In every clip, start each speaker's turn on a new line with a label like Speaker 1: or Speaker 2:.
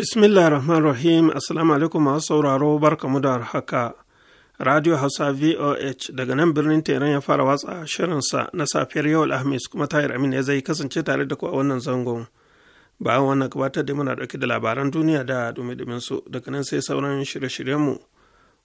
Speaker 1: Bismillah rahman rahim Assalamu alaikum masu sauraro barkamu da haka. Radio Hausa VOH daga nan birnin Teran ya fara watsa shirinsa na safiyar yau Alhamis kuma Tahir Amin ya zai kasance tare da ku a wannan zangon. Bayan wannan gabatar da muna dauke da labaran duniya da dumi su daga nan sai sauran shirye-shiryenmu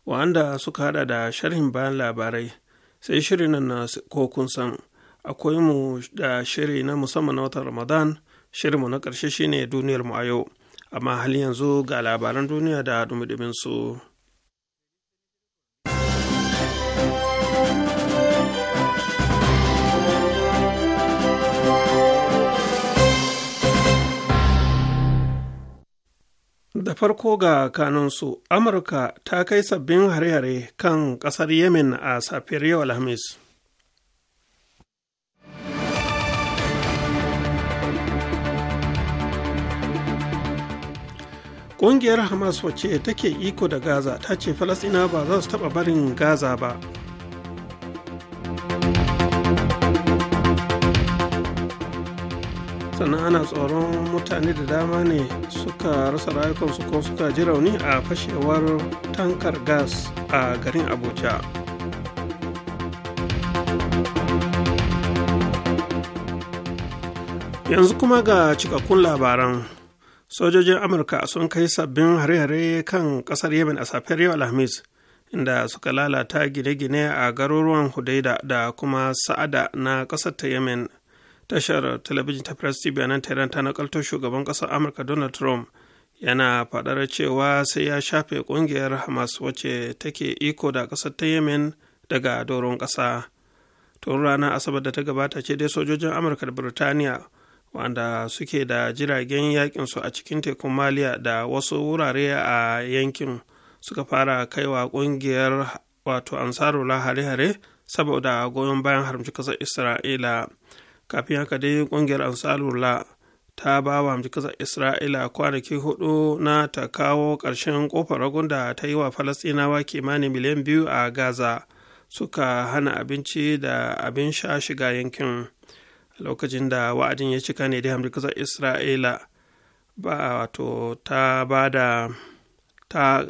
Speaker 1: wanda suka hada da sharhin bayan labarai sai shirin nan na ko kun san akwai mu da shiri na musamman na watan Ramadan shirinmu na ƙarshe shine duniyar mu a yau. amma hal yanzu ga labaran duniya da dumi su. da farko ga kanunsu amurka ta kai sabbin hare-hare kan kasar yemen a safiyar yau alhamis ƙungiyar hamas wacce take iko da gaza ta ce falasina ba za su taɓa barin gaza ba sannan ana tsoron mutane da dama ne suka rasa rayukansu ko suka ji rauni a fashewar tankar gas a garin abuja yanzu kuma ga cikakkun labaran sojojin amurka sun kai sabbin hare-hare kan kasar yemen a safiyar yau alhamis inda suka lalata gine-gine a garuruwan hudaida da kuma sa'ada na kasar ta yemen tashar talabijin ta press tv a nan tehran ta nakalto shugaban kasar amurka donald trump yana fadar cewa sai ya shafe kungiyar hamas wacce take iko da ƙasar ta yemen daga doron kasa tun ranar asabar da ta gabata ce dai sojojin amurka da burtaniya. wanda suke da jiragen su a cikin tekun maliya da wasu wurare a yankin suka fara kaiwa kungiyar wato ansarula hare-hare saboda goyon bayan haramci kasar isra'ila kafin haka dai kungiyar ansarula ta ba wa haramci kasar isra'ila kwanaki hudu na ta kawo ƙarshen kofar ragun da ta yi wa falastinawa kimanin miliyan biyu a gaza suka hana abinci da abin sha shiga yankin lokacin da wa'adin ya cika ne da hamdu kasar isra'ila ba wato ta ba da ta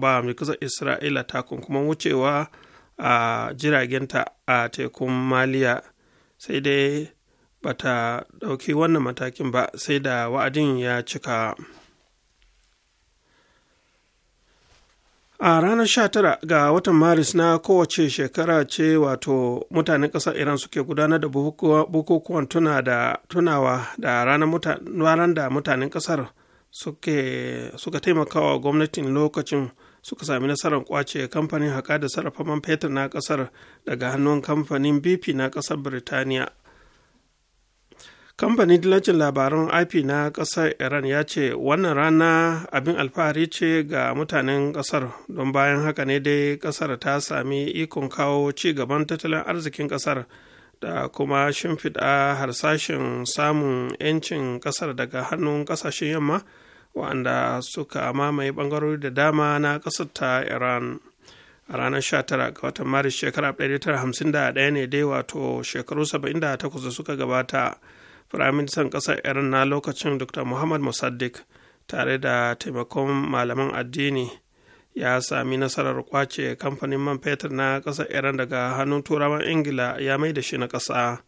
Speaker 1: ba hamdu kasar isra'ila kuma wucewa a jiragenta a tekun maliya sai dai bata ɗauki wannan matakin ba sai da wa'adin ya cika. a ranar sha tara ga watan maris na kowace shekara ce wato mutanen ƙasar iran suke gudanar da bukukuwan tuna da tunawa da ranar da mutanen ƙasar suka taimakawa gwamnatin lokacin suka sami nasarar kwace kamfanin haka da sarrafa man fetur na ƙasar daga hannun kamfanin bp na ƙasar biritaniya. kamfanin dillancin labaran ip na ƙasar iran ya ce wannan rana abin alfahari ce ga mutanen ƙasar don bayan haka ne dai ƙasar ta sami ikon kawo ci gaban tattalin arzikin ƙasar da kuma shimfiɗa harsashin samun 'yancin ƙasar daga hannun ƙasashen yamma waɗanda suka mamaye ɓangarori da dama na ƙasar ta iran a ranar 19 ga watan maris shekarar 1951 ne dai wato shekaru 78 da suka gabata firaministan ƙasar iran na lokacin dr muhammad musaddik tare da taimakon malaman addini ya sami nasarar kwace kamfanin man fetur na ƙasar iran daga hannun turawan ingila ya mai da shi na ƙasa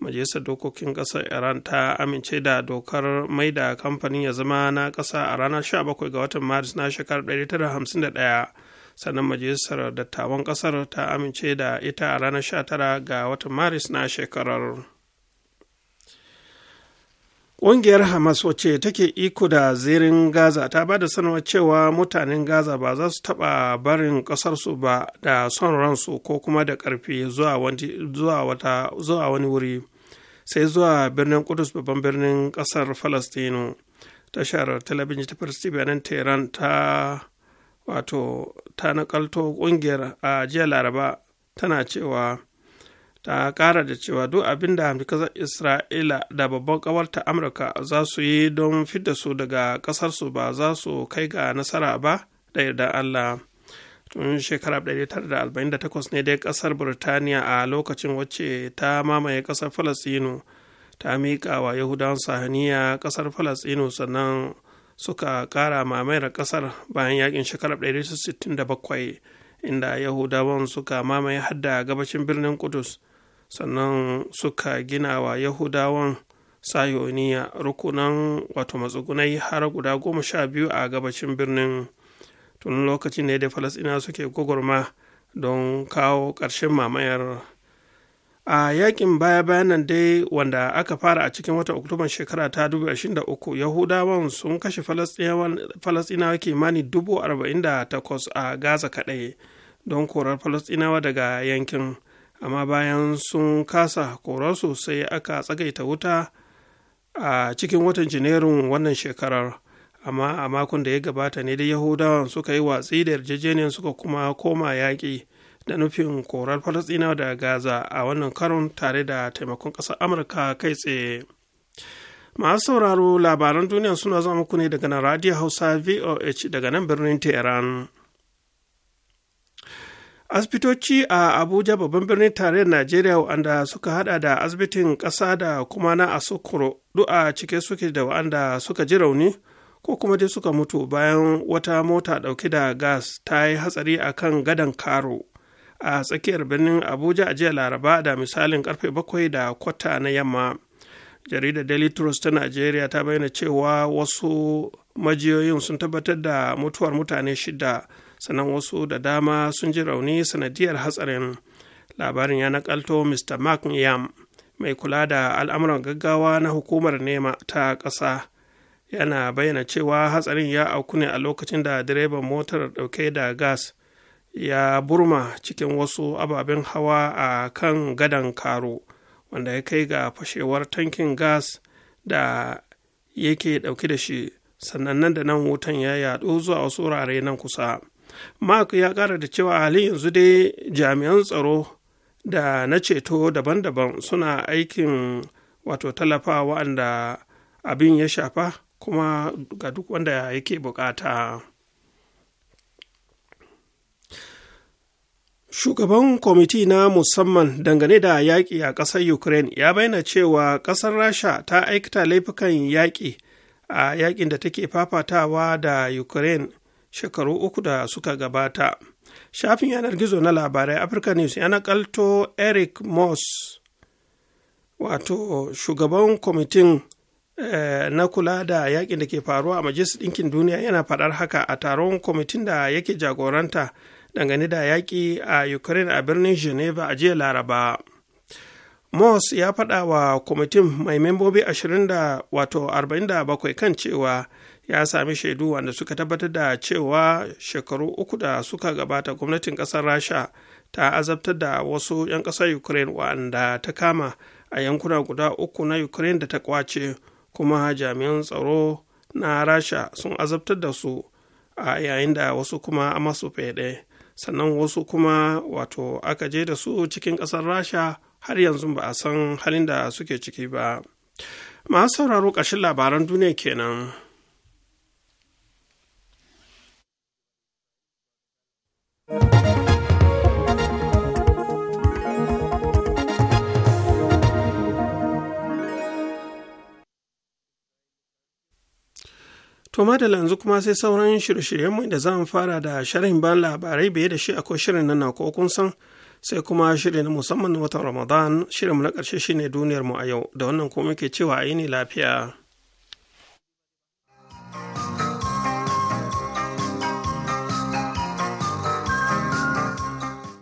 Speaker 1: majalisar dokokin ƙasar iran ta amince da dokar mai da kamfanin ya zama na ƙasa a ranar 17 ga watan maris na shekarar 1951 sannan majalisar dattawan ƙasar ta amince da ita a ranar 19 ga watan maris na shekarar ƙungiyar hamas wace take iko da zirin gaza ta ba da sanarwar cewa mutanen gaza ba za su taɓa barin ƙasarsu ba da son ransu ko kuma da ƙarfi zuwa wani wuri sai zuwa birnin kudus babban birnin ƙasar falastinu tashar talabijin ta first bayanan tehran ta wato ta nakalto ƙungiyar a jiya laraba tana cewa ta kara da cewa duk abin da hamdukasar isra'ila da babban kawarta amurka za su yi don fidda su daga kasarsu ba za su kai ga nasara ba da yarda allah tun shekarar 1948 ne dai kasar burtaniya a lokacin wacce ta mamaye kasar falasino ta miƙa wa yahudawan sahaniya kasar falasino sannan suka kara mamayar kasar bayan yakin shekarar 1967 inda yahudawan suka mamaye hadda gabashin birnin kudus sannan suka gina wa yahudawan sayoniya rukunan wato matsugunai har guda goma sha biyu a gabacin birnin tun lokacin ne da falasina suke gugurma don kawo ƙarshen mamayar a yakin baya bayanan dai wanda aka fara a cikin wata oktoban shekara ta 2023 yahudawan sun kashe falasinawa kimanin takwas a gaza kaɗai don korar falasinawa daga yankin amma bayan sun kasa korarsu sai aka tsagaita wuta a cikin watan janairun wannan shekarar amma a makon da ya gabata ne da yahudawan suka yi watsi da yarjejeniyar suka kuma koma yaƙi da nufin korar falasɗinawa da gaza a wannan karon tare da taimakon ƙasar amurka kai tsaye masu sauraro labaran duniya suna zama muku ne daga nan radio hausa voh daga nan birnin teheran asibitoci a abuja babban birnin tarayyar najeriya wanda suka hada da asibitin ƙasa da kuma na asokoro duk a cike suke da wa'anda suka ji rauni ko kuma dai suka mutu bayan wata mota ɗauke da gas ta yi hatsari a kan gadon karo a tsakiyar birnin abuja a jiya laraba da misalin karfe bakwai da kwata na yamma jaridar daily trust ta najeriya ta bayyana cewa wasu majiyoyin sun tabbatar da mutuwar mutane shida sannan wasu da dama sun ji rauni sanadiyar hatsarin labarin ya nakalto mr mark yam mai kula da al'amuran gaggawa na hukumar nema ta ƙasa yana bayyana cewa hatsarin ya auku ne a lokacin da direban motar dauke da gas ya burma cikin wasu ababen hawa a kan gadan karo wanda ya kai ga fashewar tankin gas da yake dauke da shi sannan nan da nan wutan ya yaɗo zuwa wasu wurare nan kusa mark ya ƙara da cewa halin yanzu dai jami'an tsaro da na ceto daban-daban suna aikin wato tallafa wa'anda abin ya shafa kuma ga duk wanda yake bukata shugaban kwamiti na musamman dangane da yaƙi a ƙasar ukraine ya bayyana cewa ƙasar rasha ta aikata laifukan yaƙi a yaƙin da take fafatawa da ukraine shekaru uku da suka gabata shafin yanar gizo na labarai africa news ya nakalto eric moss wato shugaban kwamitin eh, na kula da yakin da ke faruwa a majalisar ɗinkin duniya yana faɗar haka a taron kwamitin da yake jagoranta dangane da yaki a ukraine a birnin geneva a jiya laraba moss ya faɗa wa kwamitin mai membobi 20 wato 47 kan cewa ya sami shaidu wanda suka tabbatar da cewa shekaru uku da suka gabata gwamnatin ƙasar rasha ta azabtar da wasu 'yan ƙasar ukraine wanda ta kama a yankuna guda uku na ukraine da ta kwace kuma jami'an tsaro na rasha sun azabtar da su a yayin da wasu kuma a masu fede sannan wasu kuma wato aka je da su cikin ƙasar rasha har yanzu ba a san halin da suke ciki ba masu sauraro ƙashin labaran duniya kenan. To madalla yanzu kuma sai sauran shirye-shiryenmu da zamu fara da sharhin ban labarai biye da shi akwai shirin nan ko kun san sai kuma shirin na musamman na watan Ramadan shirin na ƙarshe shine duniyar mu a yau da wannan kuma muke cewa a yi ne lafiya.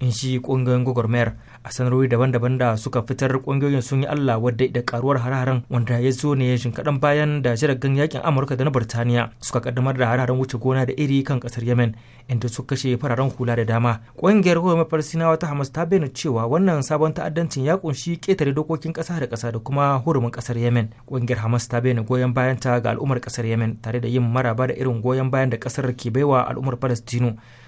Speaker 2: in shi kungiyoyin gwagwarmayar a sanarwar daban-daban da suka fitar kungiyoyin sun yi Allah wadda da karuwar hararen wanda ya zo ne kadan bayan da jiragen yakin Amurka da na Burtaniya suka kaddamar da hararen wuce gona da iri kan kasar Yemen inda suka kashe fararen hula da dama ƙungiyar Hukumar Farsinawa ta Hamas ta bayyana cewa wannan sabon ta'addancin ya kunshi ketare dokokin ƙasa da ƙasa da kuma hurumin ƙasar Yemen ƙungiyar Hamas ta bayyana goyon bayanta ga al'ummar kasar Yemen tare da yin maraba da irin goyon bayan da kasar ke baiwa al'ummar Falastinu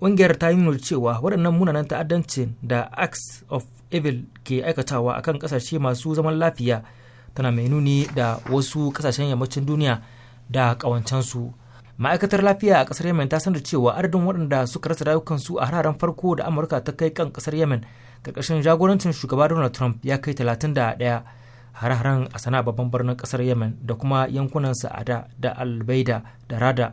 Speaker 2: ƙungiyar ta yi nuna cewa waɗannan munanan ta'addancin da acts of evil ke aikatawa a kan ƙasashe masu zaman lafiya tana mai nuni da wasu ƙasashen yammacin duniya da ƙawancensu ma'aikatar lafiya a ƙasar yemen ta sanar cewa adadin waɗanda suka rasa rayukansu a hararen farko da amurka ta kai kan ƙasar yemen ƙarƙashin jagorancin shugaba donald trump ya kai talatin da ɗaya hare-haren a sana babban birnin ƙasar yemen da kuma yankunan sa'ada da albaida da rada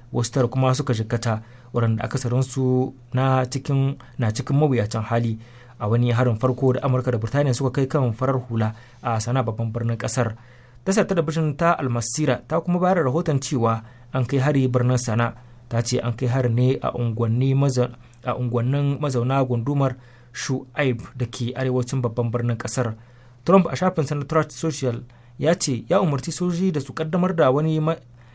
Speaker 2: wasu tara kuma suka jikkata waɗanda su na cikin na cikin mawuyacin hali a wani harin farko da amurka da birtaniya suka kai kan farar hula a sana babban birnin kasar tasar dabishin ta almasira ta kuma bayar da rahoton cewa an kai hari birnin sana ta ce an kai hari ne a unguwannin mazauna gundumar shu'aib da ke arewacin babban birnin kasar trump a shafin sanatorat social ya ce ya umarci sojoji da su kaddamar da wani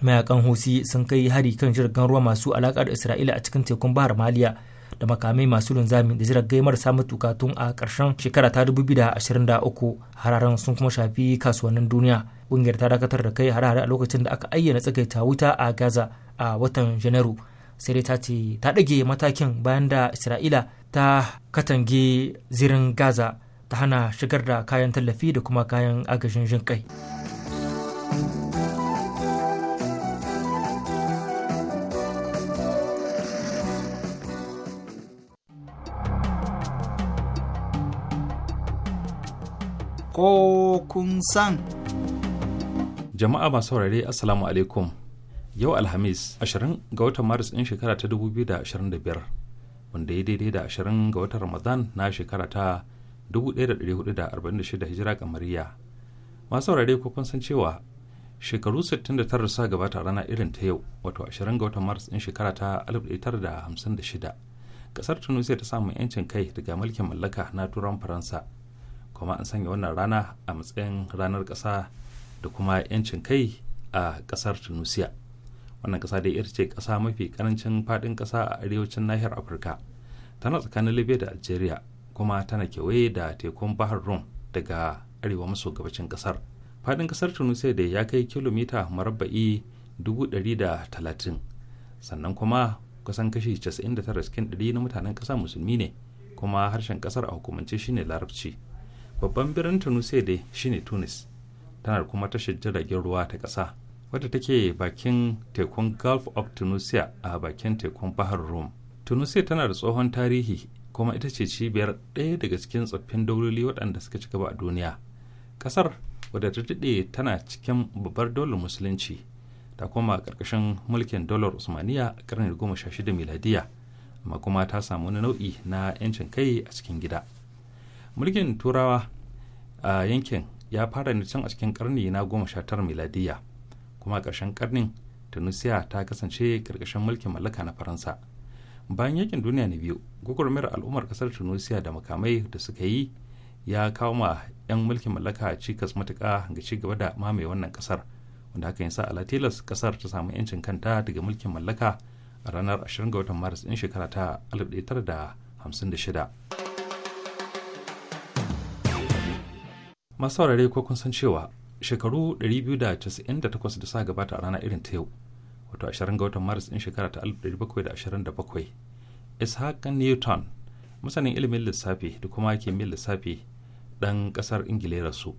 Speaker 2: mayakan husi sun kai hari kan jirgin ruwa masu alaƙa da isra'ila a cikin tekun bahar maliya da makamai masu linzami da jirgin marasa matuka tun a ƙarshen shekara ta 2023 hararen sun kuma shafi kasuwannin duniya ƙungiyar ta dakatar da kai harare a lokacin da aka ayyana ta wuta a gaza a watan janairu sai dai ta ce ta ɗage matakin bayan da isra'ila ta katange zirin gaza ta hana shigar da kayan tallafi da kuma kayan agajin jin kai. ko kun
Speaker 3: san. Jama'a masu saurare Assalamu alaikum. Yau Alhamis 20 ga watan Maris ɗin shekara ta 2025 wanda ya daidai da 20 ga watan Ramadan na shekara ta 1446 hijira kamariya. Masu saurare ko kun san cewa shekaru 69 sa gabata rana irin ta yau wato 20 ga watan Maris ɗin shekara ta 1956 kasar Tunisia ta samu 'yancin kai daga mulkin mallaka na turan Faransa kuma an sanya wannan rana a matsayin ranar ƙasa da kuma 'yancin kai a ƙasar tunisia wannan ƙasa da ita ce ƙasa mafi ƙarancin faɗin ƙasa a arewacin nahiyar afirka tana tsakanin libya da algeria kuma tana kewaye da tekun bahar rum daga arewa maso gabacin ƙasar faɗin ƙasar tunisia da ya kai kilomita marabba'i 130 sannan kuma kusan kashi 99 cikin 100 na mutanen ƙasa musulmi ne kuma harshen ƙasar a hukumance shine larabci babban birnin tunisia dai shine tunis tana kuma tashar jiragen ruwa ta ƙasa wadda take bakin tekun gulf of tunisia a bakin tekun bahar rum tunisia tana da tsohon tarihi kuma ita ce cibiyar ɗaya daga cikin tsoffin dauloli waɗanda suka ci gaba a duniya ƙasar wadda ta daɗe tana cikin babbar daular musulunci ta koma ƙarƙashin mulkin dolar usmaniya a ƙarni goma sha shida miladiya amma kuma ta samu wani nau'i na 'yancin kai a cikin gida. mulkin turawa a yankin ya fara ne can a cikin karni na goma sha tara miladiya kuma a ƙarshen karnin tunisia ta kasance ƙarƙashin mulkin mallaka na faransa bayan yakin duniya na biyu gwagwarmayar al'ummar ƙasar tunisia da makamai da suka yi ya kawo ma 'yan mulkin mallaka cikas matuka ga ci gaba da mamaye wannan ƙasar wanda hakan yasa ala tilas ƙasar ta samu yancin kanta daga mulkin mallaka a ranar 20 ga watan maris din shekara ta 1956 masu saurare ko kun san cewa shekaru 298 da sa gabata a rana irin ta yau wato 20 ga watan maris din shekara ta 1727 ishaq newton masanin ilimin lissafi da kuma mil lissafi dan kasar ingila ya rasu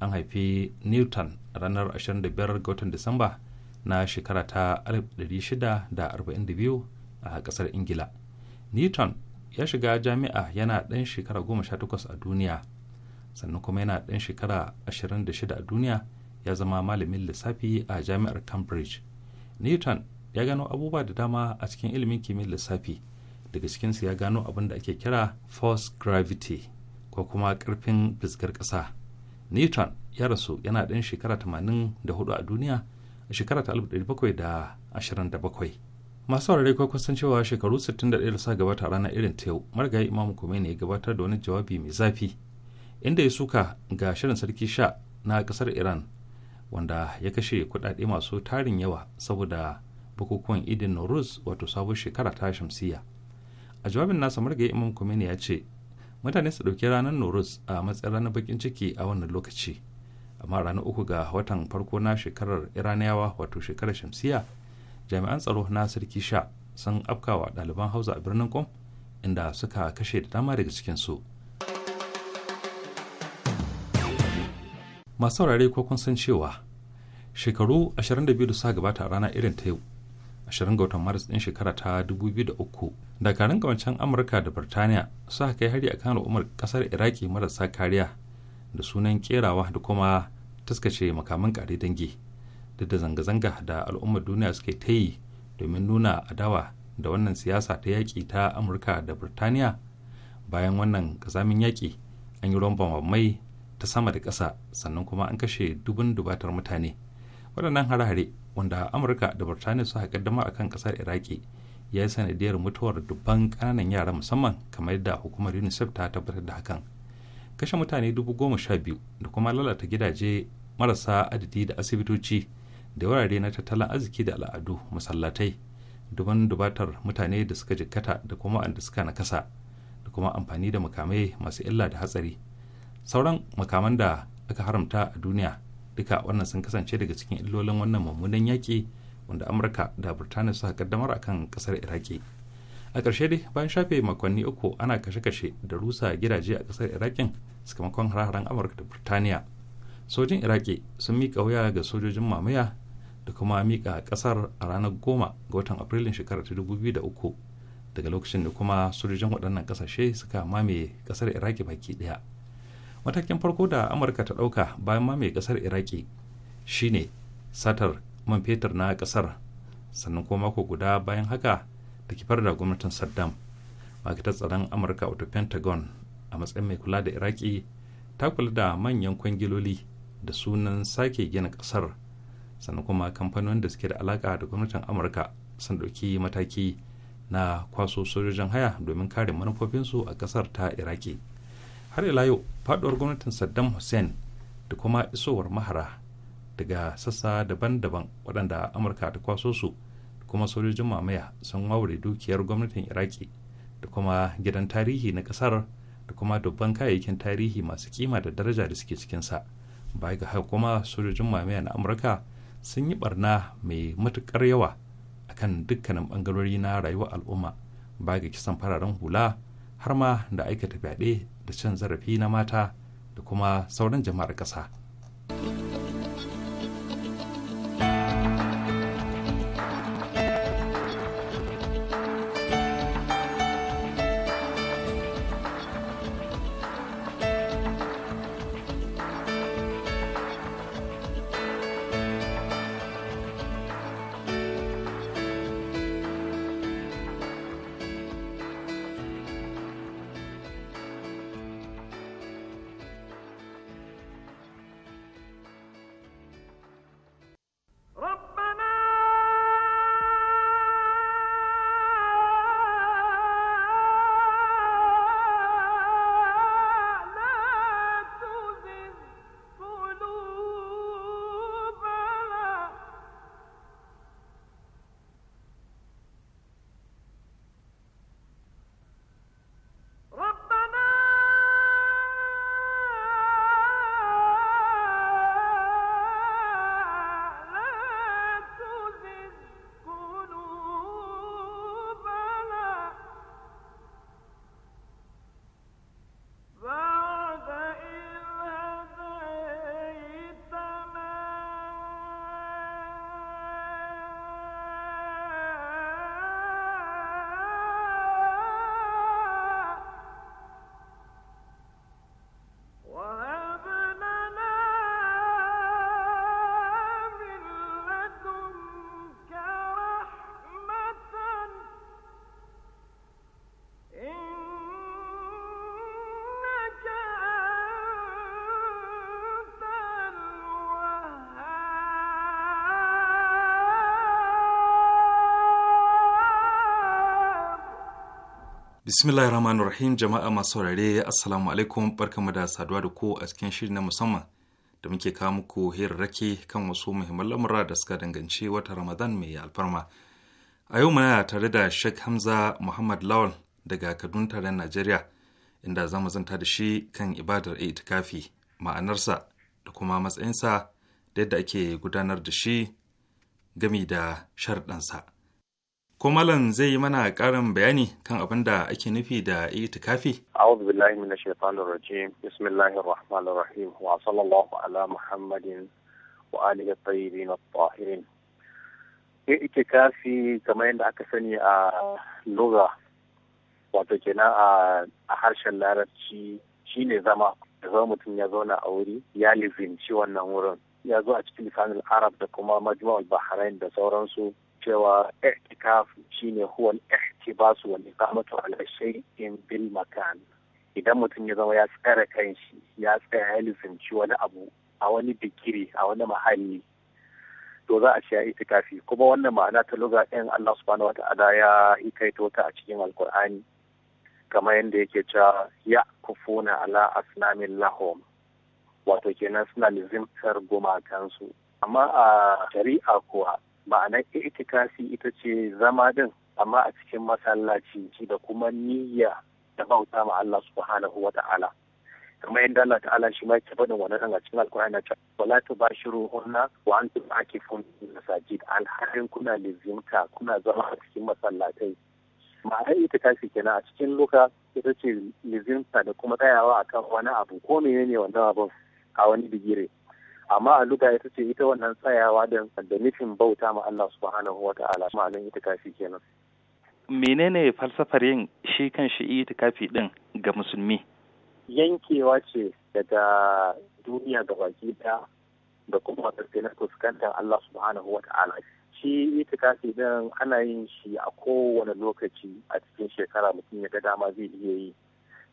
Speaker 3: an haifi newton a ranar 25 ga watan disamba na shekara ta 1642 a kasar ingila newton ya shiga jami'a yana ɗan shekara 18 a duniya sannan kuma yana ɗan shekara 26 a duniya ya zama malamin lissafi a jami'ar cambridge newton ya gano abubuwa da dama a cikin ilimin kimiyyar lissafi daga cikinsu ya gano abin da ake kira force gravity ko kuma ƙarfin fisgar ƙasa newton ya rasu yana ɗan shekara 84 a duniya a shekara ta 1727 masu warare kwa kusan cewa shekaru 61 da sa gabata ranar irin ta yau marigayi kome ne ya gabatar da wani jawabi mai zafi inda ya suka ga shirin sarki sha na kasar iran wanda ya kashe kudade masu tarin yawa saboda bukukuwan idin noruz wato sabon shekara ta shamsiya a jawabin nasa margaye imam khomeini ya ce mutane su ɗauki ranar noruz a matsayin ranar bakin ciki a wannan lokaci amma ranar uku ga watan farko na shekarar iraniyawa wato shekarar shamsiya jami'an tsaro na sarki sha sun afkawa ɗaliban hausa a birnin kom inda suka kashe da dama daga cikinsu masu saurare ko kun san cewa shekaru 22 da suka gabata a rana irin ta yau 20 ga watan maris din shekara ta 2003 dakarun gabancin amurka da birtaniya suka kai hari a akan al'ummar kasar iraki marasa kariya da sunan kerawa da kuma taskace makaman kare dangi duk da zanga-zanga da al'ummar duniya suke ta yi domin nuna adawa da wannan siyasa ta yaƙi ta amurka da birtaniya bayan wannan ƙazamin yaƙi an yi ruwan mai ta sama da ƙasa sannan kuma an kashe dubun dubatar mutane waɗannan hare-hare wanda amurka da burtaniya suka kaddama a kan ƙasar iraki ya yi sanadiyar mutuwar dubban ƙananan yara musamman kamar yadda hukumar unicef ta tabbatar da hakan kashe mutane dubu goma sha biyu da kuma lalata gidaje marasa adadi da asibitoci da wurare na tattalin arziki da al'adu masallatai duban dubatar mutane da suka jikkata da kuma wanda suka nakasa da kuma amfani da makamai masu illa da hatsari sauran makaman da aka haramta a duniya duka wannan sun kasance daga cikin illolin wannan mummunan yaƙi wanda amurka da birtaniya suka kaddamar a kan ƙasar iraki a ƙarshe dai bayan shafe makonni uku ana kashe-kashe da rusa gidaje a ƙasar irakin sakamakon hare-haren amurka da birtaniya sojin iraki sun mika wuya ga sojojin mamaya da kuma miƙa ƙasar a ranar goma ga watan afrilun shekarar ta dubu biyu da uku daga lokacin da kuma sojojin waɗannan ƙasashe suka mamaye ƙasar iraki baki ɗaya matakin farko da amurka ta dauka bayan ma mai ƙasar iraki shine satar man fetur na kasar sannan kuma mako guda bayan haka ta kifar da gwamnatin saddam ma'aikatar tsaron amurka wato pentagon a matsayin mai kula da iraki ta kula da manyan kwangiloli da sunan sake gina kasar sannan kuma kamfanonin da suke da alaka da gwamnatin amurka sun ɗauki mataki na kwaso sojojin haya domin kare manufofinsu a kasar ta iraki har ila yau faduwar gwamnatin saddam hussein da kuma isowar mahara daga sassa daban-daban waɗanda amurka ta kwaso su da kuma sojojin mamaya sun ware dukiyar gwamnatin iraki da kuma gidan tarihi na ƙasar da kuma dubban kayayyakin tarihi masu kima da daraja da suke cikinsa baya ga haka kuma sojojin mamaya na amurka sun yi barna mai matuƙar yawa a kan dukkanin bangarori na rayuwar al'umma ba ga kisan fararen hula har ma da aikata fyaɗe da cin zarafi na mata da kuma sauran jama'ar ƙasa. Bismillah rahman rahim jama'a masu saurare assalamu alaikum barkamu da saduwa da ku a cikin shiri na musamman da muke kawo muku hirarraki kan wasu muhimman lamura da suka danganci wata Ramadan mai alfarma. A yau muna tare da Sheikh Hamza Muhammad Lawal daga Kaduna tarayyar Najeriya inda za mu zanta da shi kan ibadar itikafi ma'anarsa da kuma matsayinsa da yadda ake gudanar da shi gami da sharɗansa. ko malam zai yi mana karin bayani kan abin da ake nufi da itikafi
Speaker 4: a'udhu billahi minash shaitanir rajim bismillahir rahmanir rahim wa sallallahu ala muhammadin wa alihi tayyibin at-tahirin itikafi kamar yadda aka sani a lugha wato kenan a harshen larabci shine zama da zama mutum ya zauna a wuri ya shi wannan wurin ya zo a cikin lisanin arab da kuma majmu'ul bahrain da sauransu cewa i'tikaf shine huwal ihtibasu wal iqamatu ala shay'in bil makan idan mutum ya zama ya tsare kanshi ya tsaya ya lisanci wani abu a wani bikiri a wani mahalli to za a ce ya itikafi kuma wannan ma'ana ta lura ɗin Allah subhanahu wa ta'ala ya hikaito ta a cikin alkur'ani kamar yadda yake cewa ya kufuna ala asnamin lahom wato kenan suna lizimtar gumakansu amma a shari'a kuwa ma'anar itikafi ita ce zama din amma a cikin masallaci da kuma niyya da bauta ma Allah subhanahu wa ta'ala kamar yadda Allah ta'ala shi ma yake faɗin wannan a cikin alkur'ani ta wala bashiru hunna wa antum akifun masajid alharin kuna lizimta kuna zama a cikin masallatai ma'anar itikafi kenan a cikin luka ita ce lizimta da kuma tsayawa akan wani abu ko menene wannan abu a wani bigire amma a luga ita ce ita wannan tsayawa da da nufin bauta ma Allah subhanahu wata'ala ma'anin kafi kenan
Speaker 3: menene falsafar yin shi kan shi ita kafi din ga musulmi
Speaker 4: yankewa ce daga duniya ga baki ta, da kuma na fuskantar Allah subhanahu wata'ala shi kafi din ana yin shi a kowane lokaci a cikin shekara mutum ya ga dama zai iya yi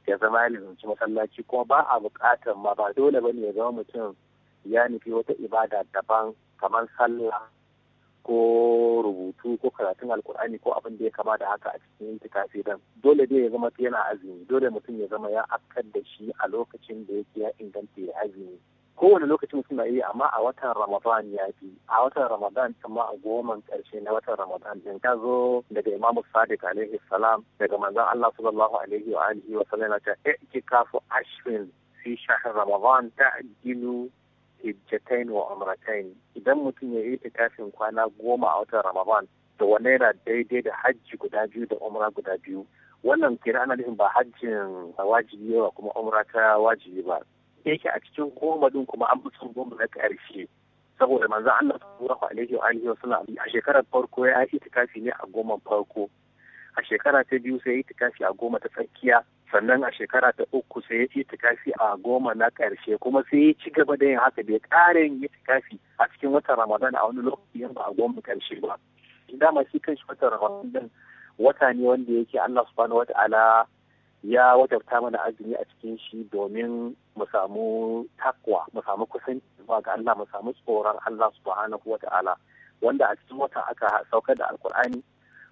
Speaker 4: ya zama ya masallaci kuma ba a buƙatar ma ba dole ba ne ya zama mutum ya nufi wata ibada daban kamar sallah ko rubutu ko karatun alkur'ani ko abin da ya kama da haka a cikin intikafi dan dole dai ya zama yana azumi dole mutum ya zama ya akar da shi a lokacin da yake ya inganta ya azumi kowane lokacin mutum na yi amma a watan ramadan ya fi a watan ramadan kuma a goman karshe na watan ramadan din ta zo daga imam sadiq alaihi salam daga manzon allah sallallahu alaihi wa alihi wa sallam ta ikikafu ashrin fi shahr ramadan ta'dilu hijjatain wa umratain idan mutum ya yi itikafin kwana goma a watan ramadan da wani yana daidai da hajji guda biyu da umra guda biyu wannan kenan ana nufin ba hajjin wajibi ba kuma umra ta wajibi ba yake a cikin goma din kuma an fi son goma na ƙarshe saboda manzon Allah sallallahu alaihi wa alihi wasallam a shekarar farko ya yi itikafi ne a goma farko a shekara ta biyu sai ya yi itikafi a goma ta tsakiya sannan a shekara ta uku sai ya tikafi a goma na ƙarshe kuma sai ya ci gaba da yin haka bai ƙara yin tikafi a cikin watan ramadan a wani lokaci yan ba a goma ƙarshe ba dama shi kan shi watan ramadan wata ne wanda yake Allah subhanahu ta'ala ya wajabta mana azumi a cikin shi domin mu samu takwa mu samu kusanci zuwa ga Allah mu samu tsoron Allah subhanahu ta'ala wanda a cikin wata aka saukar da alkur'ani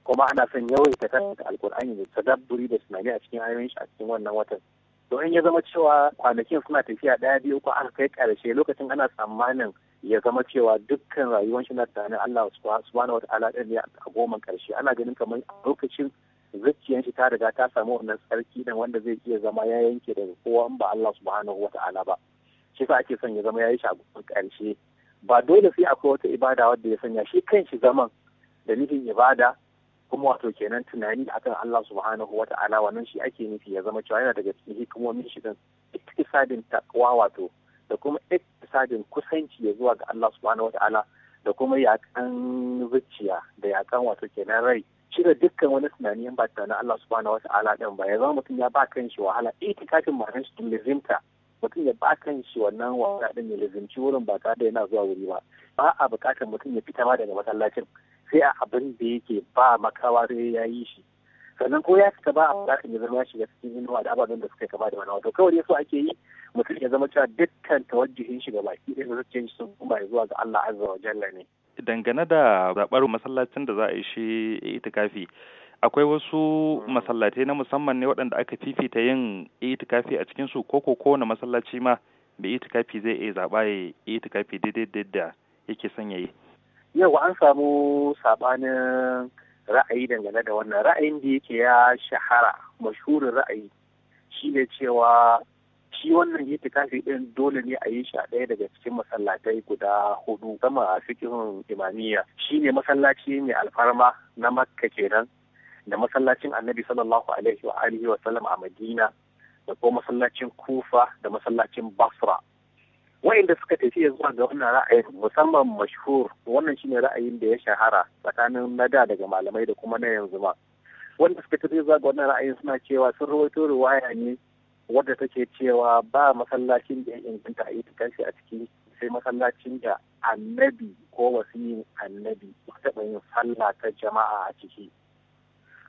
Speaker 4: kuma ana son yawaita karanta eh. alkur'ani da tadabburi da tunani a cikin ayoyin shi a cikin wannan watan to in ya zama cewa kwanakin suna tafiya ɗaya biyu ko aka kai ƙarshe lokacin ana tsammanin ya zama cewa dukkan rayuwar shi na tunanin Allah subhanahu wa ta'ala ɗin ne a goman ƙarshe ana ganin kamar lokacin zuciyar shi ta riga ta samu wannan tsarki dan wanda zai iya zama ya yanke daga kowa ba Allah subhanahu wa ta'ala ba shi sa ake son ya zama ya yi shi a goma ƙarshe ba dole sai akwai wata ibada wadda ya sanya shi kan shi zaman da nufin ibada kuma wato kenan tunani akan Allah subhanahu wa ta'ala wannan shi ake nufi ya zama cewa yana daga cikin hikimomin shi din iktisadin takwa wato da kuma iktisadin kusanci ya zuwa ga Allah subhanahu wa ta'ala da kuma yakan zuciya da yakan wato kenan rai cire dukkan wani tunani in ba tunanin Allah subhanahu wa ta'ala din ba ya zama mutum ya ba kan shi wahala itikafin ma'anar shi lizimta mutum ya ba kan shi wannan wahala din ya lizimci wurin ba tare da yana zuwa wuri ba ba a bukatar mutum ya fita ma daga masallacin sai a abin da yake ba makawa sai ya yi shi sannan ko ya fita ba a fadakan ya zama shi shiga cikin inuwa da ababen da suka kama da wani wato kawai so ake yi mutum ya zama cewa dukkan tawajjuhin shi baki ɗaya zuciyar shi sun kuma zuwa ga Allah azza wa jalla ne
Speaker 3: dangane da zaɓar masallacin da za a yi shi itikafi akwai wasu masallatai na musamman ne waɗanda aka fifita yin itikafi a cikin su ko na masallaci ma da itikafi zai iya zaɓa ya itikafi daidai da yake son yayi
Speaker 4: yau an samu sabanin ra'ayi dangane da wannan ra'ayin da yake ya shahara mashhurin ra'ayi shine cewa shi wannan itikafi din dole ne a yi shi a ɗaya daga cikin masallatai guda hudu sama a cikin imaniya shine masallaci mai alfarma na makka kenan da masallacin annabi sallallahu alaihi wa alihi wa sallam a madina da kuma masallacin kufa da masallacin basra wayanda suka tafi zuwa ga wannan ra'ayin musamman mashhur wannan shine ra'ayin da ya shahara tsakanin na da daga malamai da kuma na yanzu ma wanda suka tafi zuwa ga wannan ra'ayin suna cewa sun rawaito riwaya ne wadda take cewa ba masallacin da ya inganta a yi shi a ciki sai masallacin da annabi ko wasiyin annabi ba yin sallah ta jama'a a ciki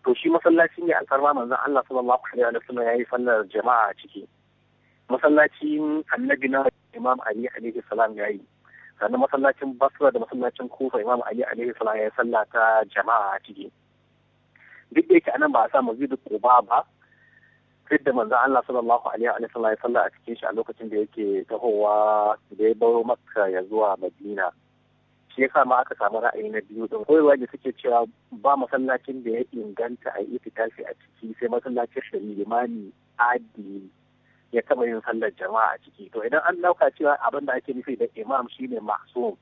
Speaker 4: to shi masallacin ne alfarma manzon Allah sallallahu alaihi wa sallam yayi sallar jama'a a ciki masallacin annabi na imam ali alaihi salam ya yi sannan masallacin basra da masallacin kufa imam ali alaihi salam ya yi sallah ta jama'a a ciki duk da yake anan ba a sa mazidu quba ba fit da manzon Allah sallallahu alaihi wa sallam ya sallah a cikin shi a lokacin da yake tahowa da ya baro makka ya zuwa madina shi yasa ma aka samu ra'ayi na biyu din koyarwa da suke cewa ba masallacin da ya inganta a fitafi a ciki sai masallacin shari'a limani adi ya taɓa yin sallar jama'a a ciki to idan an dauka cewa abin da ake nufi da imam shine ma'sum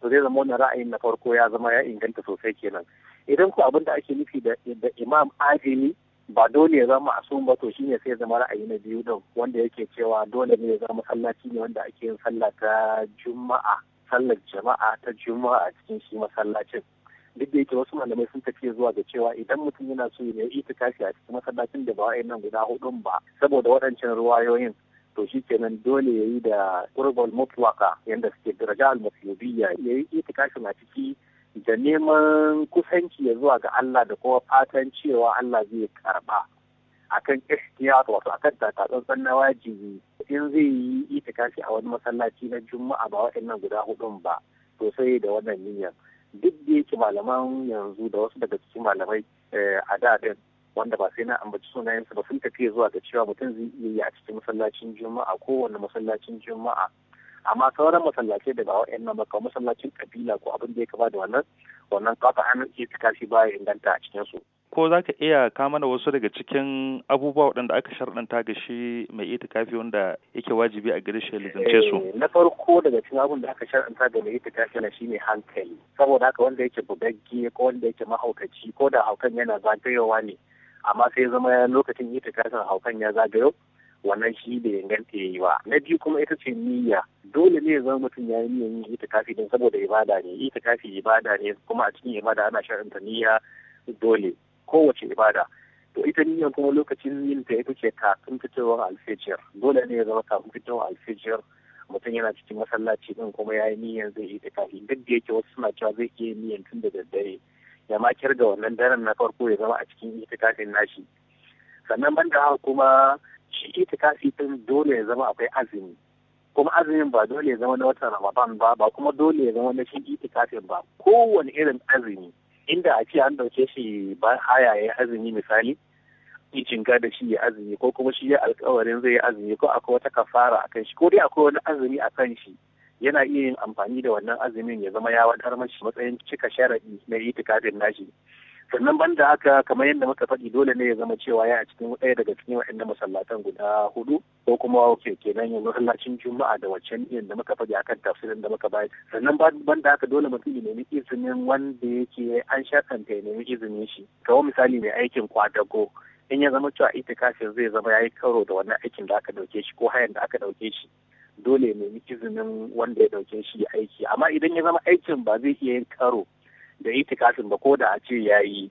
Speaker 4: to zai zama wannan ra'ayin na farko ya zama ya inganta sosai kenan idan ku abin da ake nufi da imam ajini ba dole ya zama ma'sum ba to shine sai zama ra'ayi na biyu din wanda yake cewa dole ne ya zama masallaci ne wanda ake yin sallah ta juma'a sallar jama'a ta juma'a a cikin shi masallacin duk da yake wasu malamai sun tafi zuwa ga cewa idan mutum yana so ya yi kashi a cikin masallacin da ba nan guda hudun ba saboda waɗancan ruwayoyin to shi kenan dole ya yi da qurbal mutuwaka yadda suke daraja al ya yi ita kashi a ciki da neman kusanci ya zuwa ga Allah da kuma fatan cewa Allah zai karba akan ihtiyat wato akan takatsantsan na wajibi in zai yi kashi a wani masallaci na juma'a ba waɗannan guda hudun ba to sai da wannan niyyar duk da yake malaman yanzu da wasu daga cikin malamai eh, a da din wanda ba sai na ambaci sunayensu ba sun tafiya zuwa ga cewa mutum zai iya yi a cikin masallacin juma'a ko kowane masallacin juma'a amma sauran masallacin daga ba wa'annan ba masallacin kabila ko abin da ya kama da wannan wannan kafa hannun kashi baya inganta a cikin su
Speaker 3: ko za ka iya mana wasu daga cikin abubuwa waɗanda aka sharɗanta ga shi mai itikafi wanda yake wajibi a gare shi lizance su eh,
Speaker 4: na farko daga cikin abun da aka sharɗanta ga mai itikafi na shine hankali saboda haka wanda yake bugagge ko wanda yake mahaukaci ko da haukan yana zagayowa ne amma sai zama lokacin itikafin haukan ya zagayo wannan shi da inganta ya yi ba na biyu kuma ita ce niyya dole ne ya zama mutum ya yi niyyar yin itikafi don saboda ibada ne itikafi ibada ne kuma a cikin ibada ana sharɗanta niyya dole kowace ibada to ita niyyar kuma lokacin yin ta ita ce kafin fitowar alfijir dole ne ya zama kafin fitowar alfijir mutum yana cikin masallaci din kuma ya yi niyyar zai yi kafin. duk da yake wasu suna cewa zai iya niyyar tun da daddare ya makar da wannan daren na farko ya zama a cikin kafin nashi sannan banda haka kuma shi ita kafin din dole ya zama akwai azumi kuma azumin ba dole ya zama na watan ramadan ba ba kuma dole ya zama na shi kafin ba kowane irin azumi inda a ce an dauke shi ba haya ya azumi misali cinka da shi ya azumi ko kuma shi ya alkawarin zai yi azumi ko akwai wata kafara a kan shi ko dai akwai wani azumi a kan shi yana iya yin amfani da wannan azumin ya zama ya wadar mashi matsayin cika sharaɗi na itikadin nashi sannan banda haka kamar yadda muka faɗi dole ne ya zama cewa ya a cikin ɗaya daga cikin waɗannan masallatan guda hudu ko kuma oke kenan yin masallacin juma'a da waccan yin da muka faɗi akan tafsirin da muka bayi sannan banda haka dole mutum ya nemi izinin wanda yake an shakanta ya nemi izinin shi kawai misali mai aikin kwadago in ya zama cewa itikafin zai zama ya yi karo da wannan aikin da aka ɗauke shi ko hayan da aka ɗauke shi dole ya nemi izinin wanda ya ɗauke shi ya aiki amma idan ya zama aikin ba zai iya yin karo da itikafin ba ko da a ce ya yi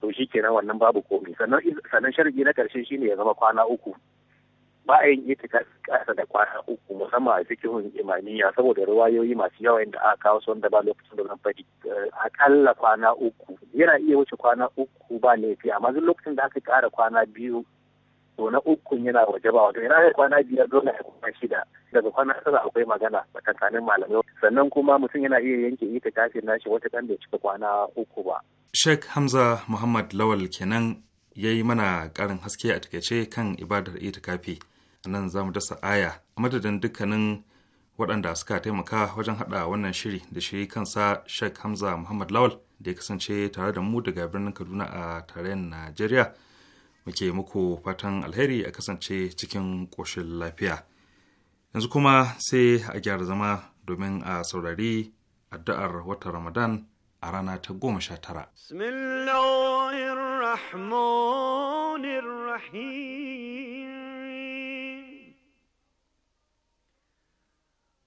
Speaker 4: to shi kenan wannan babu komai sannan sharadi na karshe shine ya zama kwana uku ba a yin itikafi kasa da kwana uku musamman a cikin imaniya saboda ruwayoyi masu yawa da aka kawo su wanda ba lokacin da zan faɗi eh, akalla kwana uku yana iya wuce kwana uku ba laifi amma duk lokacin da aka kara kwana biyu to na ukun yana waje ba wato yana kwana biyar dole ya kwana shida daga kwana tara akwai magana tsakanin malamai sannan kuma mutum yana iya yanke ita kafin nashi wata kan bai cika kwana uku ba.
Speaker 3: Sheikh Hamza Muhammad Lawal kenan ya yi mana karin haske a takaice kan ibadar itikafi a nan za mu dasa aya a madadin dukkanin waɗanda suka taimaka wajen haɗa wannan shiri da shi kansa Sheikh Hamza Muhammad Lawal da ya kasance tare da mu daga birnin Kaduna a tarayyar Najeriya. muke muku fatan alheri a kasance cikin ƙoshin lafiya yanzu kuma sai a gyara zama domin a saurari addu'ar watan ramadan a rana ta goma sha tara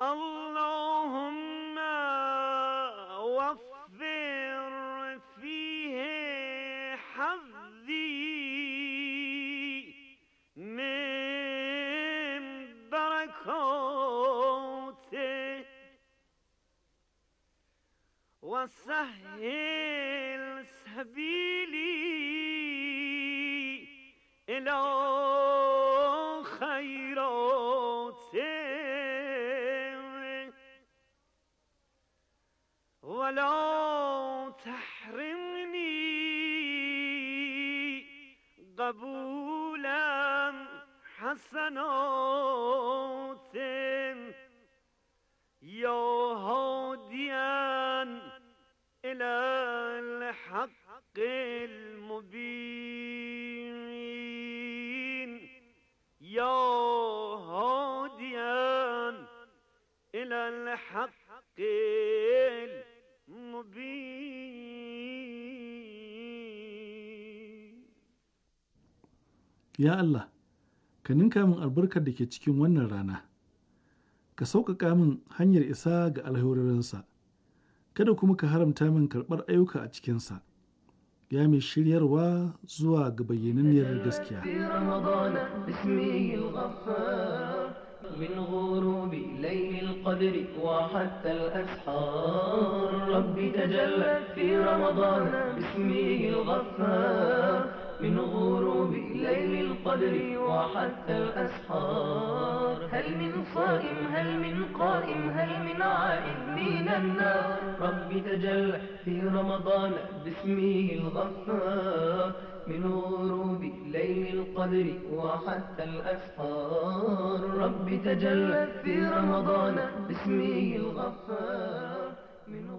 Speaker 5: Allah وسهل سبيلي إلى خيراتك ولا تحرمني قبولا حسنات يا هاديان إلى الحق المبين يا هاديا إلى الحق
Speaker 1: يا الله ka ninka min albarkar da ke cikin wannan rana ka sauƙaƙa min hanyar isa ga alherorinsa kada kuma ka haramta min karɓar ayyuka a cikinsa ya mai
Speaker 6: shiryarwa zuwa ga bayyananniyar gaskiya
Speaker 7: من غروب ليل القدر وحتى الأسحار من غروب ليل القدر وحتى الأسحار هل من صائم هل من قائم هل من عائد من النار ربي تجل في رمضان باسمه الغفار من غروب ليل القدر وحتى الأسحار ربي تجل في رمضان باسمه الغفار من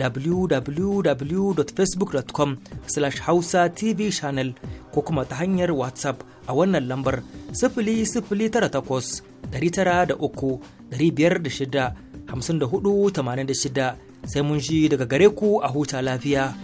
Speaker 2: www.facebook.com slash hausa tv channel ko kuma ta hanyar whatsapp a wannan lambar sifili sifili da takwas ɗari tara uku biyar shida sai mun shi daga gare ku a huta lafiya.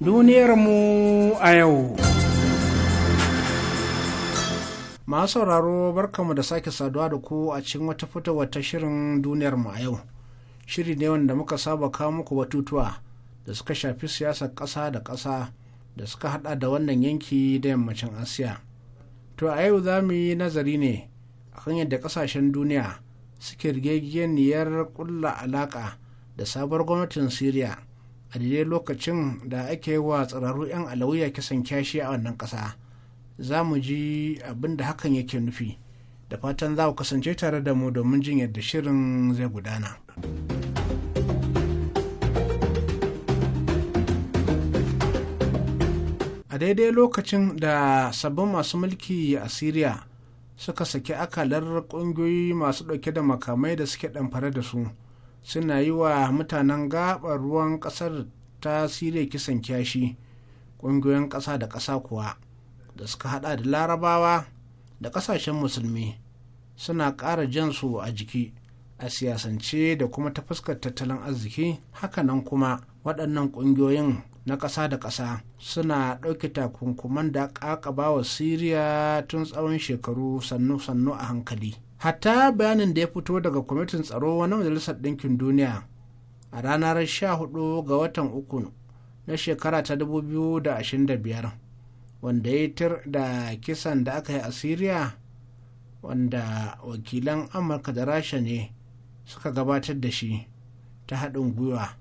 Speaker 6: Duniyarmu a yau. Masu sauraro barkamu da sake saduwa da ku a cikin wata fitowar ta shirin duniyarmu a yau. Shiri ne wanda muka saba kawo muku batutuwa da suka shafi siyasar ƙasa da ƙasa da suka hada da wannan yanki da yammacin Asiya. To a yau za mu yi nazari ne akan yadda ƙasashen duniya suke niyyar ƙulla alaƙa da sabuwar gwamnatin Siriya. a daidai lokacin da ake wa tsararru 'yan alawiya kisan kyashi a wannan ƙasa za mu ji abin da hakan yake nufi da fatan za ku kasance tare da mu domin jin yadda shirin zai gudana. a daidai lokacin da sabbin masu mulki a syria suka saki akalar ƙungiyoyi masu ɗauke da makamai da suke ɗanfare da su suna yi wa mutanen gaɓar ruwan ƙasar ta siriya kisan kyashi ƙungiyoyin ƙasa da ƙasa kuwa da suka haɗa da larabawa da ƙasashen musulmi suna ƙara jan su a jiki a siyasance da kuma ta fuskar tattalin arziki hakanan kuma waɗannan ƙungiyoyin na ƙasa da ƙasa suna ɗauke takunkuman da ƙaƙabawa siriya tun tsawon shekaru sannu-sannu a hankali hatta bayanin da ya fito daga kwamitin tsaro na majalisar ɗinkin duniya a ranar 14 ga watan uku na shekara ta 2025 wanda ya tir da kisan da aka yi a syria wanda wakilan amurka da rasha ne suka gabatar da shi ta haɗin gwiwa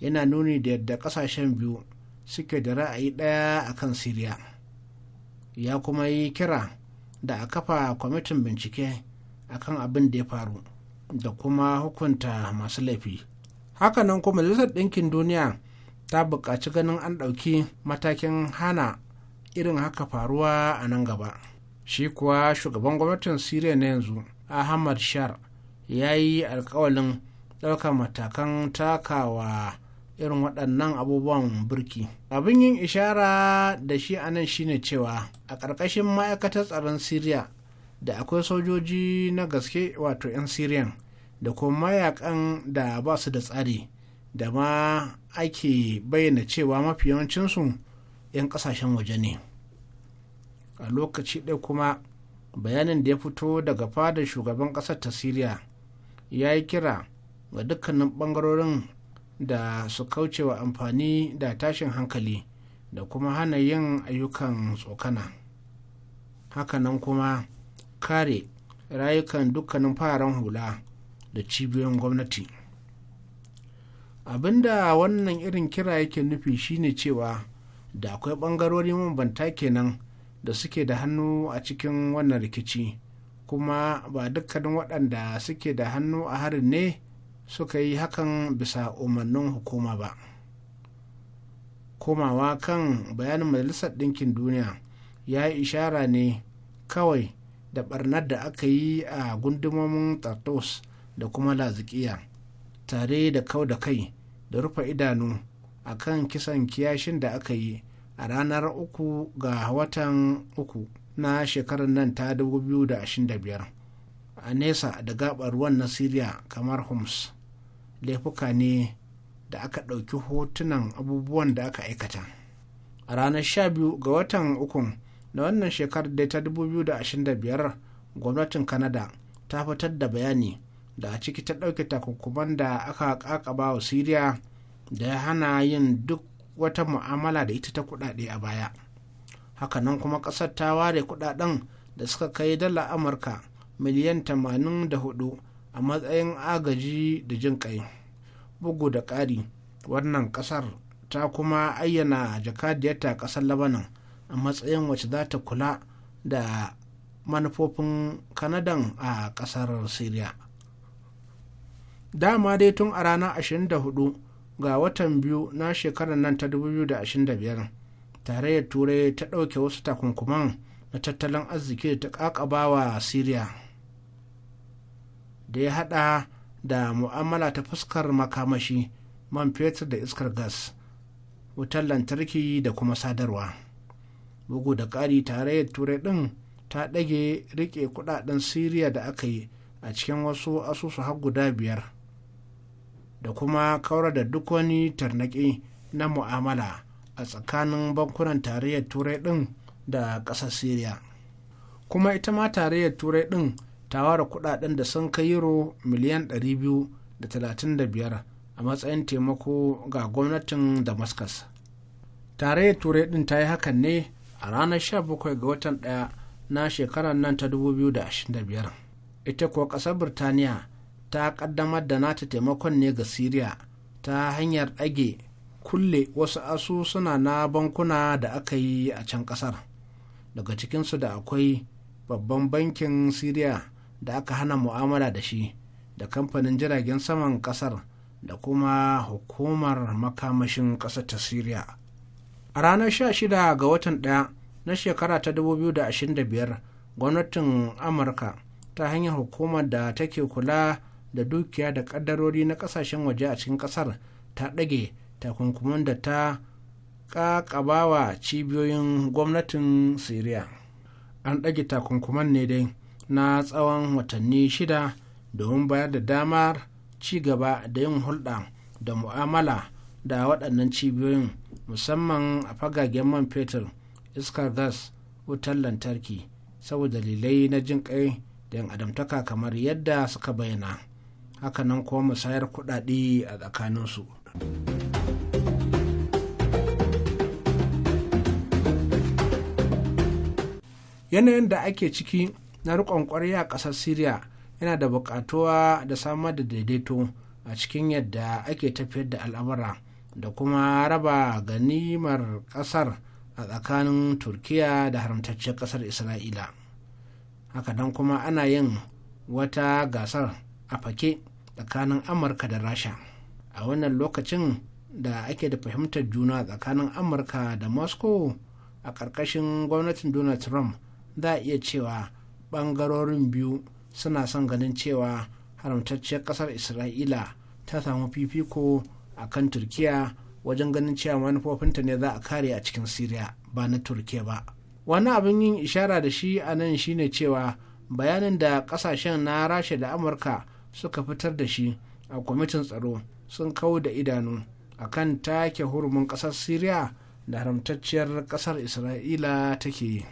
Speaker 6: yana nuni da yadda ƙasashen biyu suke da ra'ayi ɗaya a kan syria ya kuma yi kira da a kafa kwamitin bincike akan abin da ya faru da kuma hukunta masu laifi hakanan kuma majalisar ɗinkin duniya ta buƙaci ganin an ɗauki matakin hana irin haka faruwa a nan gaba shi kuwa shugaban gwamnatin siriya na yanzu ahmad shar ya yi alkawalin ɗaukar matakan takawa irin waɗannan abubuwan birki abin yin ishara da shi a nan shine cewa a ƙarƙashin ma'aikatar tsaron siriya da akwai sojoji na gaske wato 'yan syrian da kuma mayakan da ba su da tsari da ma ake bayyana cewa mafi yawancinsu 'yan kasashen waje ne a lokaci ɗaya kuma bayanin da ya fito daga fadar shugaban ƙasar ta syria ya yi kira ga dukkanin ɓangarorin da su kaucewa amfani da tashin hankali da kuma hana yin ayyukan tsokana hakanan kuma kare rayukan dukkanin fararen hula da cibiyoyin gwamnati abinda wannan irin kira yake nufi shine cewa da akwai ɓangarori mabanta kenan da suke da hannu a cikin wannan rikici kuma ba dukkanin waɗanda suke da hannu a harin ne suka yi hakan bisa umarnin hukuma ba komawa kan bayanin majalisar ɗinkin duniya ya yi ishara ne kawai da barnar da aka yi a gundumomin tartos da kuma lazikiya tare da kau da kai da rufe idanu a kan kisan kiyashin da aka yi a ranar uku ga watan uku na shekarar nan ta 2025 a nesa da gabar ruwan na kamar homs laifuka ne da aka ɗauki hotunan abubuwan da aka aikata a ranar 12 ga watan ukun na wannan shekarar da ta 2025 gwamnatin canada ta fitar da bayani da a ciki ta ɗauke takunkuman da aka kakaba wa Siriya da ya hana yin duk wata mu'amala da ita ta kuɗaɗe a baya hakanan kuma ƙasar ta ware kuɗaɗen da suka kai dala amurka miliyan 84 a matsayin agaji da jin kai bugu da ƙari wannan ƙasar ta kuma ayyana jakadiyarta ƙasar labanan a matsayin wacce za ta kula da manufofin kanadan a kasar syria dama dai tun a ranar 24 ga watan biyu na shekarar nan ta 2025 tarayyar turai ta ɗauke wasu takunkuman na tattalin arziki da ta ƙaƙabawa syria da ya hada da mu'amala ta fuskar makamashi man fetur da iskar gas wutar lantarki da kuma sadarwa bugu da ƙari tarayyar turai ɗin ta ɗage rike kudaden siriya da aka yi a cikin wasu asusu har guda biyar da kuma kawar da duk wani tarnaƙi na mu'amala a tsakanin bankunan tarayyar turai ɗin da ƙasar siriya kuma ita ma tarayyar turai ɗin ta ware kudaden da sun kai euro miliyan 235 a matsayin taimako ga gwamnatin damascus tarayyar turai ɗin ta yi hakan ne a ranar 17 ga watan ɗaya na shekarar nan ta 2025 ita kuwa ƙasar birtaniya ta ƙaddamar da nata taimakon ne ga syria ta hanyar ɗage kulle wasu asusuna na bankuna da aka yi a can ƙasar daga cikinsu da akwai babban bankin syria da aka hana mu'amala da shi da kamfanin jiragen saman ƙasar da kuma hukumar makamashin ƙasar ta syria a ranar 16 ga watan ɗaya na shekara ta 2025 gwamnatin amurka ta hanyar hukumar da take kula da dukiya da kaddarori na kasashen waje a cikin kasar ta ɗage takunkumin da ta ƙaƙabawa cibiyoyin gwamnatin syria an ɗage takunkuman ne dai na tsawon watanni shida domin bayar da damar ci gaba da yin hulɗa da mu'amala da waɗannan cibiyoyin musamman a fagagen man fetur iskar gas wutar lantarki saboda dalilai na jin kai da yan adamtaka kamar yadda suka bayyana hakanan kuma musayar kudade a tsakaninsu yanayin da ake ciki na rikon kwarya a ƙasar syria yana da buƙatuwa da samar da daidaito a cikin yadda ake tafiyar da al'amura da kuma raba ganimar kasar a tsakanin turkiya da haramtacciyar kasar isra'ila haka don kuma ana yin wata gasar a fake tsakanin amurka da rasha a wannan lokacin da ake da fahimtar juna tsakanin amurka da moscow a ƙarƙashin gwamnatin donald trump za a iya cewa ɓangarorin biyu suna son ganin cewa haramtacciyar ƙasar isra'ila ta samu fifiko a kan turkiya wajen ganin cewa manufofinta ne za a kare a cikin siriya ba na turkiya ba wani abin yin ishara da shi a nan shine cewa bayanin da kasashen na rasha da amurka suka fitar da shi a kwamitin tsaro sun kawo da idanu a kan take hurumin kasar siriya da haramtacciyar kasar isra'ila take yi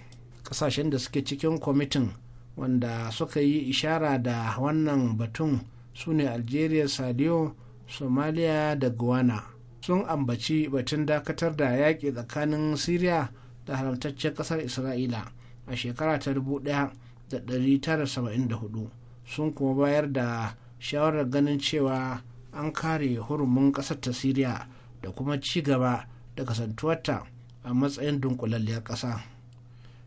Speaker 6: kasashen da suke cikin kwamitin wanda suka yi ishara da wannan batun su ne algeria sadio somalia da guana sun ambaci batun dakatar da yaƙi tsakanin syria da haramtaccen ƙasar isra'ila a shekara ta 1974 sun kuma bayar da shawarar ganin cewa an kare hurumin ƙasar ta syria da kuma ci gaba da kasantuwarta a matsayin dunkulalliyar ƙasa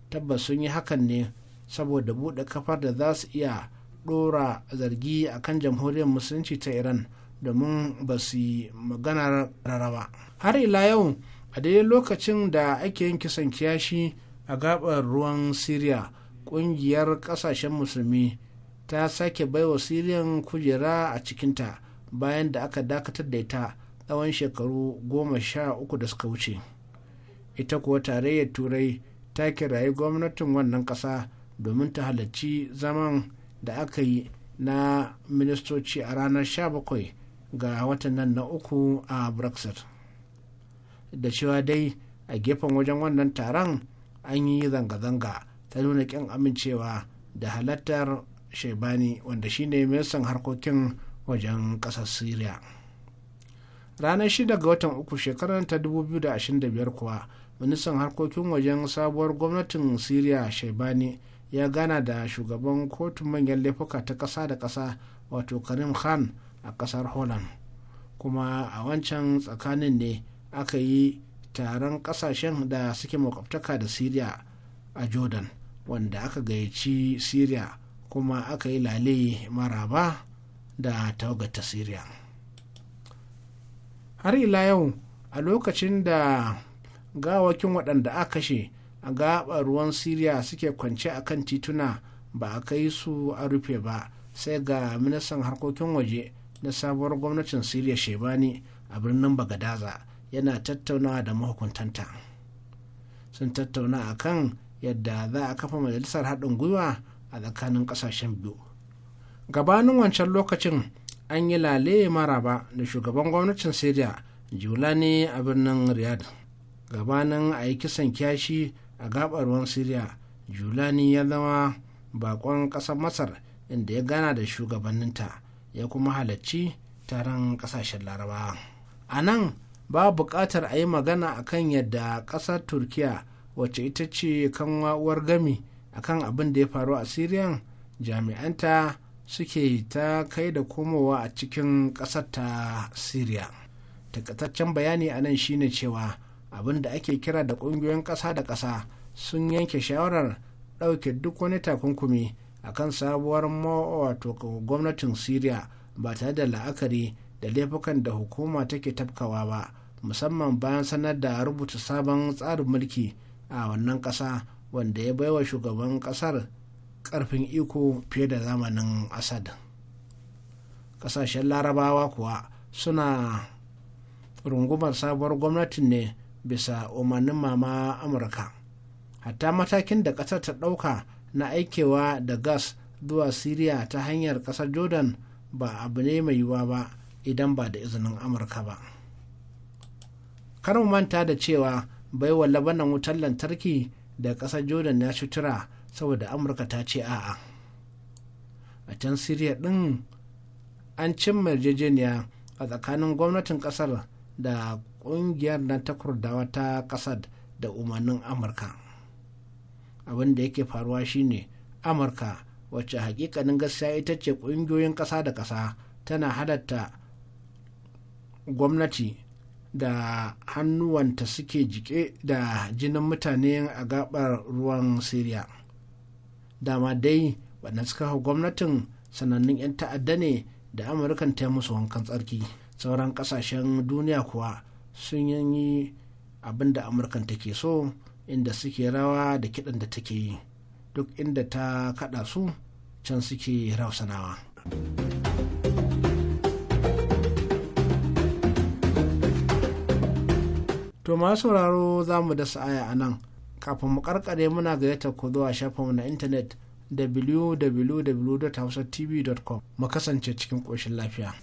Speaker 6: tabbas sun yi hakan ne saboda buɗe kafar da za su iya ɗora zargi a kan jamhuriyar musulunci ta iran domin ba su yi maganar raraba har ila yau a daidai lokacin da ake yin kisan kiyashi a gabar ruwan siriya ƙungiyar ƙasashen musulmi ta sake baiwa siriyan kujera a cikinta bayan da aka dakatar da ita tsawon shekaru goma sha uku da suka wuce ita kuwa tarayyar turai ta kirayi gwamnatin wannan ƙasa domin ta halarci zaman da aka yi na ministoci a ranar 17 ga watan nan na uku a brexit da cewa dai a gefen wajen wannan taron an yi zanga-zanga ta nuna kin amincewa da halattar shaibani wanda shine ministan harkokin wajen ƙasar syria ranar 6 ga watan uku shekarar ta 2025 kuwa ministan harkokin wajen sabuwar gwamnatin syria shaibani ya gana da shugaban kotun manyan laifuka ta kasa da kasa wato karim khan a kasar holland kuma a wancan tsakanin ne aka yi taron kasashen da suke makwabtaka da syria a jordan wanda aka gayyaci syria kuma aka yi lale maraba da tawagar ta syria har ila yau a lokacin da gawakin waɗanda aka kashe a gaɓar ruwan syria suke kwance a kan tituna ba a kai su a rufe ba sai ga ministan harkokin waje na sabuwar gwamnatin siriya shebani a birnin bagadaza yana tattaunawa da mahukuntanta sun tattauna a kan yadda za a kafa majalisar haɗin gwiwa a tsakanin ƙasashen biyu gabanin wancan lokacin an yi lale maraba da shugaban gwamnatin siriya julani a birnin Riyad, gabanin a yi kisan kyashi a gabar ruwan siriya julani ya zama bakon ƙasar masar inda ya gana da shugabanninta ya kuma halarci taron ƙasashen laraba. a nan ba buƙatar a yi magana kan yadda ƙasar turkiya wacce ita ce kan wa'uwar gami a kan abin da ya faru a syrian jami'anta suke ta kai da komowa a cikin ƙasar ta syria takataccen bayani a nan shine cewa abin da ake kira da ƙungiyoyin ƙasa da ƙasa sun yanke shawarar ɗauke duk wani takunkumi akan sabuwar wato gwamnatin syria ba tare da la'akari da laifukan da hukuma take tafkawa ba musamman bayan sanar da rubuta sabon tsarin mulki a wannan ƙasa wanda ya baiwa shugaban ƙasar ƙarfin iko fiye da zamanin asad ƙasashen larabawa kuwa suna rungumar sabuwar gwamnatin ne bisa umarnin mama amurka hatta matakin da ƙasar ta ɗauka na aikewa da gas zuwa siriya ta hanyar kasar jordan ba abu ne mai yiwuwa ba idan ba da izinin amurka ba kar mu manta da cewa baiwa labanan wutar lantarki da kasar jordan ya sutura saboda amurka ta ce a'a a can siriya din an cimma yarjejeniya a tsakanin gwamnatin kasar da kungiyar na ta kurdawa ta kasar da umarnin amurka abin da yake faruwa shine amurka wacce hakikanin gaskiya ita ce kungiyoyin kasa da kasa tana halatta gwamnati da hannuwanta suke jike da jinin mutane a gabar ruwan syria dama dai wannan suka hau gwamnatin sanannun 'yan ta'adda ne da amurkan ta musu wankan tsarki sauran kasashen duniya kuwa sun yi abin da amurkan take so inda suke rawa da kiɗan da take yi duk inda ta kaɗa su can suke rausanawa. To masu sauraro za mu dasa aya a nan kafin mu karkare muna gayyata ku zuwa shafinmu na intanet www.hausatv.com mu kasance cikin ƙoshin lafiya.